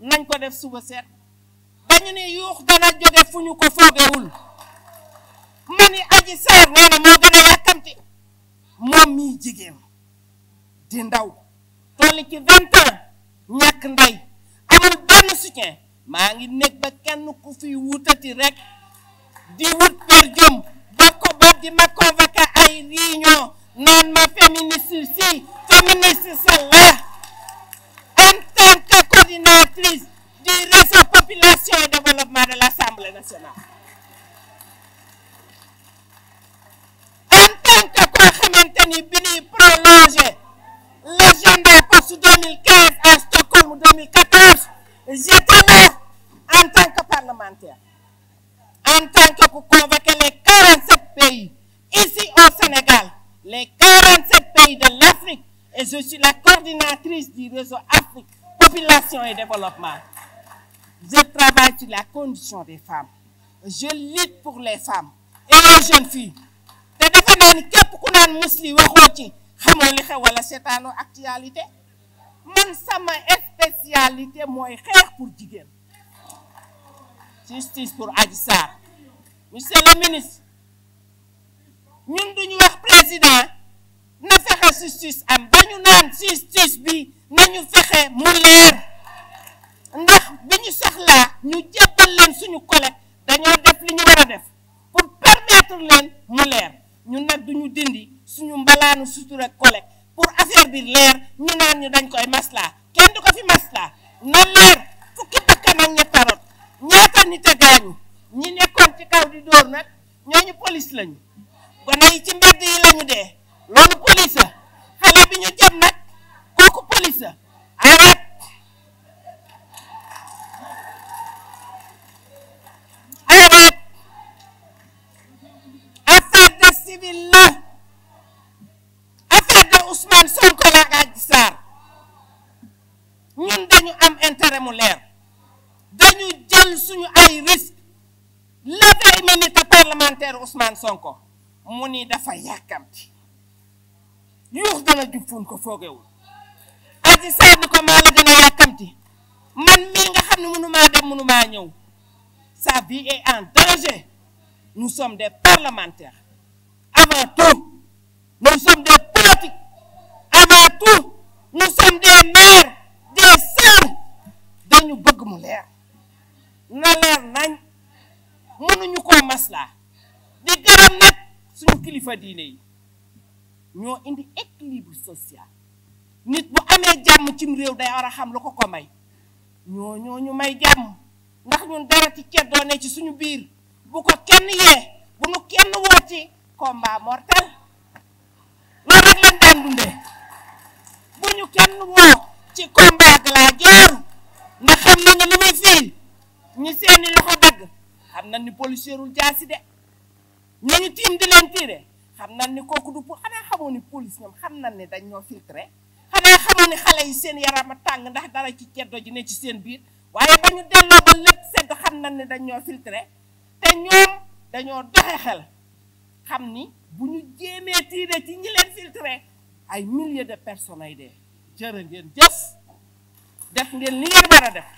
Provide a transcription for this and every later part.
nañ ko def suba seet dañu ne yuux dana jóge fu ñu ko foogewul ma ni Adji Sarr nee moo gën a yàkkamti moom mii jigéen di ndaw tolli ci vingt ans ñàkk ndey amul benn soutien maa ngi nekk ba kenn ku fi wutati rek di wut per ba ko di ma convoqué ay réunion naan ma féministe si féministe en tant que pour convaincre les 47 pays ici au Sénégal, les 47 pays de l'Afrique, et je suis la coordinatrice du réseau Afrique, Population et Développement. Je travaille sur la condition des femmes. Je lutte pour les femmes et les jeunes filles. te une musli les ci actualité spécialité suis pour justice pour Adji Sarr monsieur le ministre ñun ñu wax président na fexe justice am ba ñu naan justice bi nañu fexe mu leer ndax bi ñu soxlaa ñu jébbal leen suñu collègue dañoo def li ñu war a def pour permettre leen mu leer ñun nag ñu dindi suñu mbalaanu sutura collègue pour affaire bi leer ñu naan ñu dañ koy maslaa kenn du ko fi maslaa na leer fukki bakkan ak ñett ñaata nit a gaañu ñi nekkoon ci kaw di dóor nag ñooñu police lañu gone yi ci mbedd yi lañu dee loolu police la xale ñu jëm nag kooku police la arrête arrête la affaire de Sonko la Adji ñun dañu am intérêt mu leer jël suñu ay risque levee immunité parlementaire Ousmane Sonko mu ni dafa yàkkamti yuux dana jub fuñ ko foogewul Adji Sarr ko maa la gën a yàkkamti man mii nga xam ne mënumaa dem mënumaa ñëw sa vie est en danger nous sommes des parlementaires avant tout nous sommes des politiques avant tout nous sommes maslaa di gërëm nag suñu kilifa diine yi ñoo indi équilibre social nit bu amee jàmm cim réew day war a xam lu ko ko may ñoo ñoo ñu may jàmm ndax ñun dara ci ceddoo ci suñu biir bu ko kenn yee bu nu kenn woo ci combat mortel loolu rek lañ daan dundee bu ñu kenn woo ci combat gladiateur nan ni policierul jaasi de ñooñu tiim di leen tiire xam na ni kooku du pour xanaa xamoo ni police ñoom xam nan ni dañ ñoo filtré xanaa xamoo ni xale yi seen yaram a tàng ndax dara ci ceddo ji ne ci seen biir waaye ba ñu delloo ba lépp sedd xam nan ni dañ ñoo filtré te ñoom dañoo doxe xel xam ni bu ñu jéemee tiire ci ñi leen filtré ay milliers de personnes ay dee jërë ngeen jëf def ngeen li ngeen war a def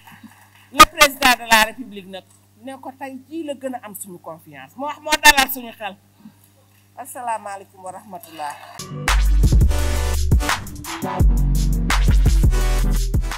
le président de la république nag ne ko tey jii la gën a am suñu confiance moo wax moo dalal suñu xel asalaamaaleykum wa rahmatullah